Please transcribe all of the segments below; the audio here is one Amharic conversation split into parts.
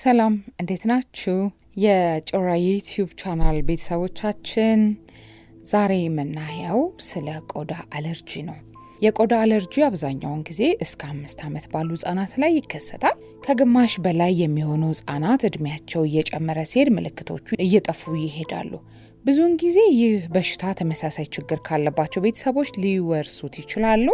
ሰላም እንዴት ናችሁ? የጮራ ዩቲዩብ ቻናል ቤተሰቦቻችን ዛሬ የምናየው ስለ ቆዳ አለርጂ ነው። የቆዳ አለርጂ አብዛኛውን ጊዜ እስከ አምስት ዓመት ባሉ ህጻናት ላይ ይከሰታል። ከግማሽ በላይ የሚሆኑ ህጻናት እድሜያቸው እየጨመረ ሲሄድ ምልክቶቹ እየጠፉ ይሄዳሉ። ብዙውን ጊዜ ይህ በሽታ ተመሳሳይ ችግር ካለባቸው ቤተሰቦች ሊወርሱት ይችላሉ።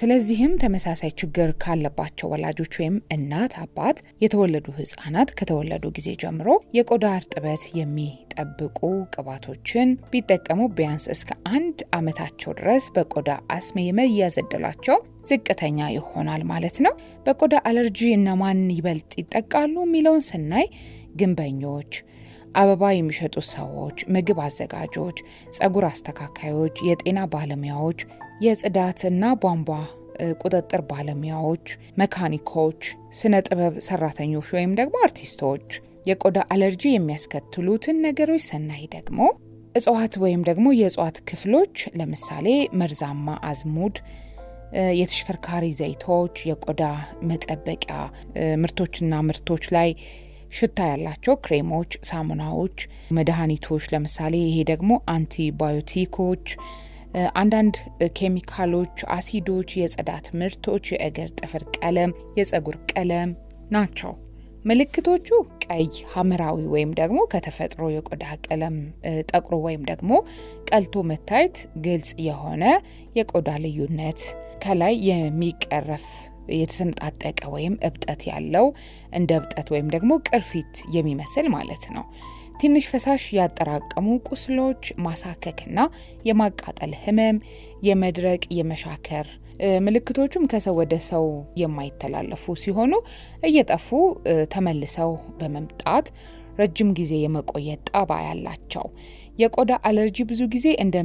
ስለዚህም ተመሳሳይ ችግር ካለባቸው ወላጆች ወይም እናት አባት የተወለዱ ህጻናት ከተወለዱ ጊዜ ጀምሮ የቆዳ እርጥበት የሚጠብቁ ቅባቶችን ቢጠቀሙ ቢያንስ እስከ አንድ ዓመታቸው ድረስ በቆዳ አስም የመያዝ እድላቸው ዝቅተኛ ይሆናል ማለት ነው። በቆዳ አለርጂ እነማን ይበልጥ ይጠቃሉ የሚለውን ስናይ ግንበኞች አበባ የሚሸጡ ሰዎች፣ ምግብ አዘጋጆች፣ ጸጉር አስተካካዮች፣ የጤና ባለሙያዎች፣ የጽዳትና ቧንቧ ቁጥጥር ባለሙያዎች፣ መካኒኮች፣ ስነ ጥበብ ሰራተኞች ወይም ደግሞ አርቲስቶች። የቆዳ አለርጂ የሚያስከትሉትን ነገሮች ስናይ ደግሞ እጽዋት ወይም ደግሞ የእጽዋት ክፍሎች ለምሳሌ መርዛማ አዝሙድ፣ የተሽከርካሪ ዘይቶች፣ የቆዳ መጠበቂያ ምርቶችና ምርቶች ላይ ሽታ ያላቸው ክሬሞች፣ ሳሙናዎች፣ መድኃኒቶች ለምሳሌ ይሄ ደግሞ አንቲባዮቲኮች አንዳንድ ኬሚካሎች፣ አሲዶች፣ የጽዳት ምርቶች፣ የእግር ጥፍር ቀለም፣ የጸጉር ቀለም ናቸው። ምልክቶቹ ቀይ፣ ሐምራዊ ወይም ደግሞ ከተፈጥሮ የቆዳ ቀለም ጠቁሮ ወይም ደግሞ ቀልቶ መታየት፣ ግልጽ የሆነ የቆዳ ልዩነት፣ ከላይ የሚቀረፍ የተሰነጣጠቀ ወይም እብጠት ያለው እንደ እብጠት ወይም ደግሞ ቅርፊት የሚመስል ማለት ነው። ትንሽ ፈሳሽ ያጠራቀሙ ቁስሎች፣ ማሳከክና የማቃጠል ህመም፣ የመድረቅ የመሻከር ምልክቶቹም ከሰው ወደ ሰው የማይተላለፉ ሲሆኑ እየጠፉ ተመልሰው በመምጣት ረጅም ጊዜ የመቆየት ጣባ ያላቸው የቆዳ አለርጂ ብዙ ጊዜ እንደ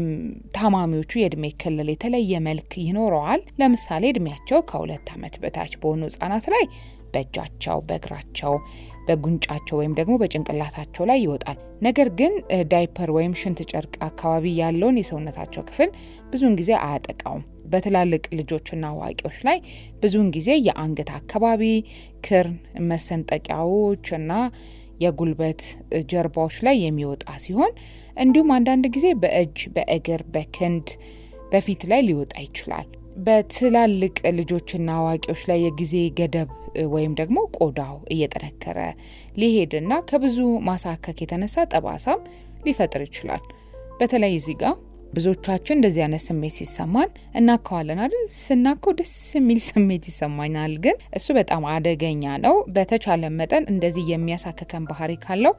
ታማሚዎቹ የእድሜ ክልል የተለየ መልክ ይኖረዋል። ለምሳሌ እድሜያቸው ከሁለት ዓመት በታች በሆኑ ህጻናት ላይ በእጃቸው፣ በእግራቸው፣ በጉንጫቸው ወይም ደግሞ በጭንቅላታቸው ላይ ይወጣል። ነገር ግን ዳይፐር ወይም ሽንት ጨርቅ አካባቢ ያለውን የሰውነታቸው ክፍል ብዙውን ጊዜ አያጠቃውም። በትላልቅ ልጆችና አዋቂዎች ላይ ብዙውን ጊዜ የአንገት አካባቢ፣ ክርን፣ መሰንጠቂያዎች እና የጉልበት ጀርባዎች ላይ የሚወጣ ሲሆን እንዲሁም አንዳንድ ጊዜ በእጅ፣ በእግር፣ በክንድ፣ በፊት ላይ ሊወጣ ይችላል። በትላልቅ ልጆችና አዋቂዎች ላይ የጊዜ ገደብ ወይም ደግሞ ቆዳው እየጠነከረ ሊሄድና ከብዙ ማሳከክ የተነሳ ጠባሳም ሊፈጥር ይችላል። በተለይ እዚህ ጋር ብዙዎቻችን እንደዚህ አይነት ስሜት ሲሰማን እናከዋለን አይደል? ስናከው ደስ የሚል ስሜት ይሰማኛል፣ ግን እሱ በጣም አደገኛ ነው። በተቻለ መጠን እንደዚህ የሚያሳክከን ባህሪ ካለው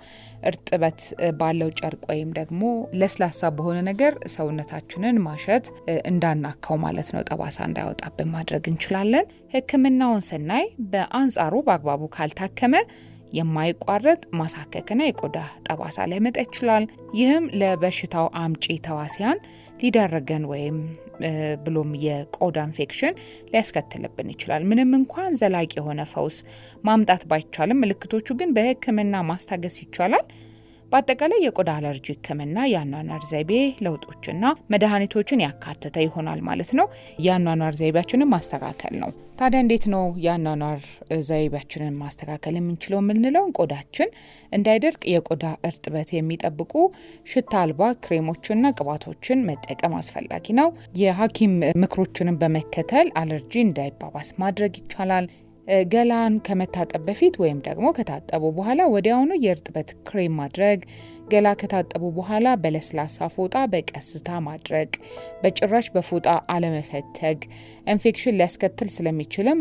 እርጥበት ባለው ጨርቅ ወይም ደግሞ ለስላሳ በሆነ ነገር ሰውነታችንን ማሸት እንዳናካው ማለት ነው፣ ጠባሳ እንዳይወጣብን ማድረግ እንችላለን። ህክምናውን ስናይ በአንጻሩ በአግባቡ ካልታከመ የማይቋረጥ ማሳከክና የቆዳ ጠባሳ ሊያመጣ ይችላል። ይህም ለበሽታው አምጪ ተዋሲያን ሊደረገን ወይም ብሎም የቆዳ ኢንፌክሽን ሊያስከትልብን ይችላል። ምንም እንኳን ዘላቂ የሆነ ፈውስ ማምጣት ባይቻልም ምልክቶቹ ግን በሕክምና ማስታገስ ይቻላል። በአጠቃላይ የቆዳ አለርጂ ህክምና የአኗኗር ዘይቤ ለውጦችና መድኃኒቶችን ያካተተ ይሆናል ማለት ነው። የአኗኗር ዘይቤያችንን ማስተካከል ነው። ታዲያ እንዴት ነው የአኗኗር ዘይቤያችንን ማስተካከል የምንችለው የምንለው? ቆዳችን እንዳይደርቅ የቆዳ እርጥበት የሚጠብቁ ሽታ አልባ ክሬሞችና ቅባቶችን መጠቀም አስፈላጊ ነው። የሐኪም ምክሮችንም በመከተል አለርጂ እንዳይባባስ ማድረግ ይቻላል። ገላን ከመታጠብ በፊት ወይም ደግሞ ከታጠቡ በኋላ ወዲያውኑ የእርጥበት ክሬም ማድረግ ገላ ከታጠቡ በኋላ በለስላሳ ፎጣ በቀስታ ማድረግ በጭራሽ በፎጣ አለመፈተግ፣ ኢንፌክሽን ሊያስከትል ስለሚችልም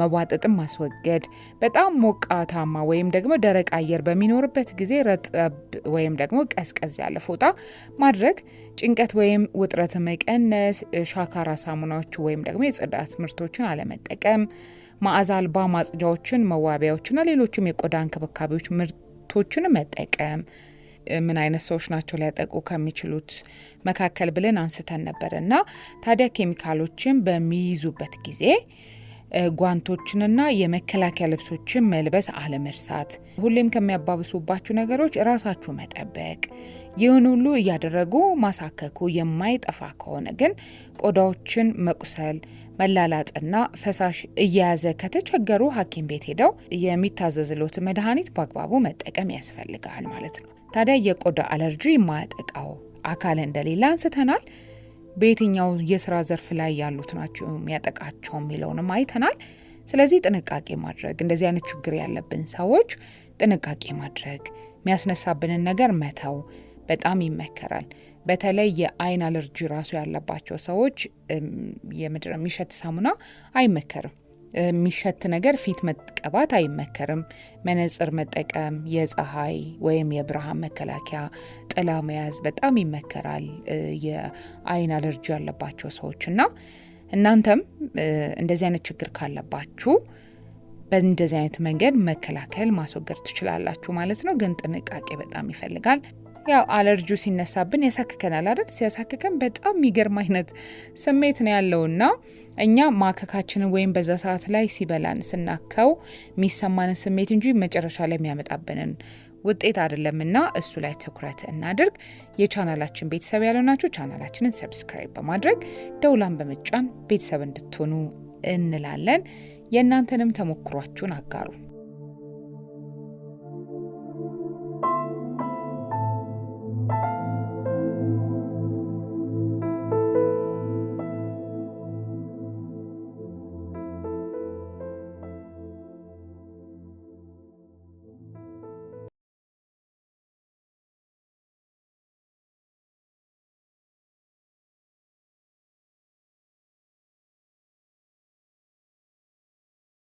መዋጠጥን ማስወገድ፣ በጣም ሞቃታማ ወይም ደግሞ ደረቅ አየር በሚኖርበት ጊዜ ረጠብ ወይም ደግሞ ቀዝቀዝ ያለ ፎጣ ማድረግ፣ ጭንቀት ወይም ውጥረት መቀነስ፣ ሻካራ ሳሙናዎች ወይም ደግሞ የጽዳት ምርቶችን አለመጠቀም፣ መዓዛ አልባ ማጽጃዎችን፣ መዋቢያዎችና ሌሎችም የቆዳ እንክብካቤዎች ምርት መብቶችን መጠቀም ምን አይነት ሰዎች ናቸው ሊያጠቁ ከሚችሉት መካከል ብለን አንስተን ነበር እና ታዲያ ኬሚካሎችን በሚይዙበት ጊዜ ጓንቶችንና የመከላከያ ልብሶችን መልበስ አለመርሳት፣ ሁሌም ከሚያባብሱባችሁ ነገሮች ራሳችሁ መጠበቅ፣ ይህን ሁሉ እያደረጉ ማሳከኩ የማይጠፋ ከሆነ ግን ቆዳዎችን መቁሰል፣ መላላጥና ፈሳሽ እየያዘ ከተቸገሩ ሐኪም ቤት ሄደው የሚታዘዝሎት መድኃኒት በአግባቡ መጠቀም ያስፈልጋል ማለት ነው። ታዲያ የቆዳ አለርጂ የማያጠቃው አካል እንደሌለ አንስተናል። በየትኛው የስራ ዘርፍ ላይ ያሉት ናቸው የሚያጠቃቸው የሚለውንም አይተናል። ስለዚህ ጥንቃቄ ማድረግ እንደዚህ አይነት ችግር ያለብን ሰዎች ጥንቃቄ ማድረግ የሚያስነሳብንን ነገር መተው በጣም ይመከራል። በተለይ የአይን አለርጂ ራሱ ያለባቸው ሰዎች የምድር የሚሸት ሳሙና አይመከርም። የሚሸት ነገር ፊት መቀባት አይመከርም። መነጽር መጠቀም፣ የፀሐይ ወይም የብርሃን መከላከያ ጥላ መያዝ በጣም ይመከራል የአይን አለርጂ ያለባቸው ሰዎች እና እናንተም እንደዚህ አይነት ችግር ካለባችሁ በእንደዚህ አይነት መንገድ መከላከል ማስወገድ ትችላላችሁ ማለት ነው። ግን ጥንቃቄ በጣም ይፈልጋል። ያው አለርጂ ሲነሳብን ያሳክከናል አይደል? ሲያሳክከን በጣም የሚገርም አይነት ስሜት ነው ያለውና እኛ ማከካችንን ወይም በዛ ሰዓት ላይ ሲበላን ስናከው የሚሰማንን ስሜት እንጂ መጨረሻ ላይ የሚያመጣብንን ውጤት አይደለም። እና እሱ ላይ ትኩረት እናድርግ። የቻናላችን ቤተሰብ ያልሆናችሁ ቻናላችንን ሰብስክራይብ በማድረግ ደውላን በመጫን ቤተሰብ እንድትሆኑ እንላለን። የእናንተንም ተሞክሯችሁን አጋሩ።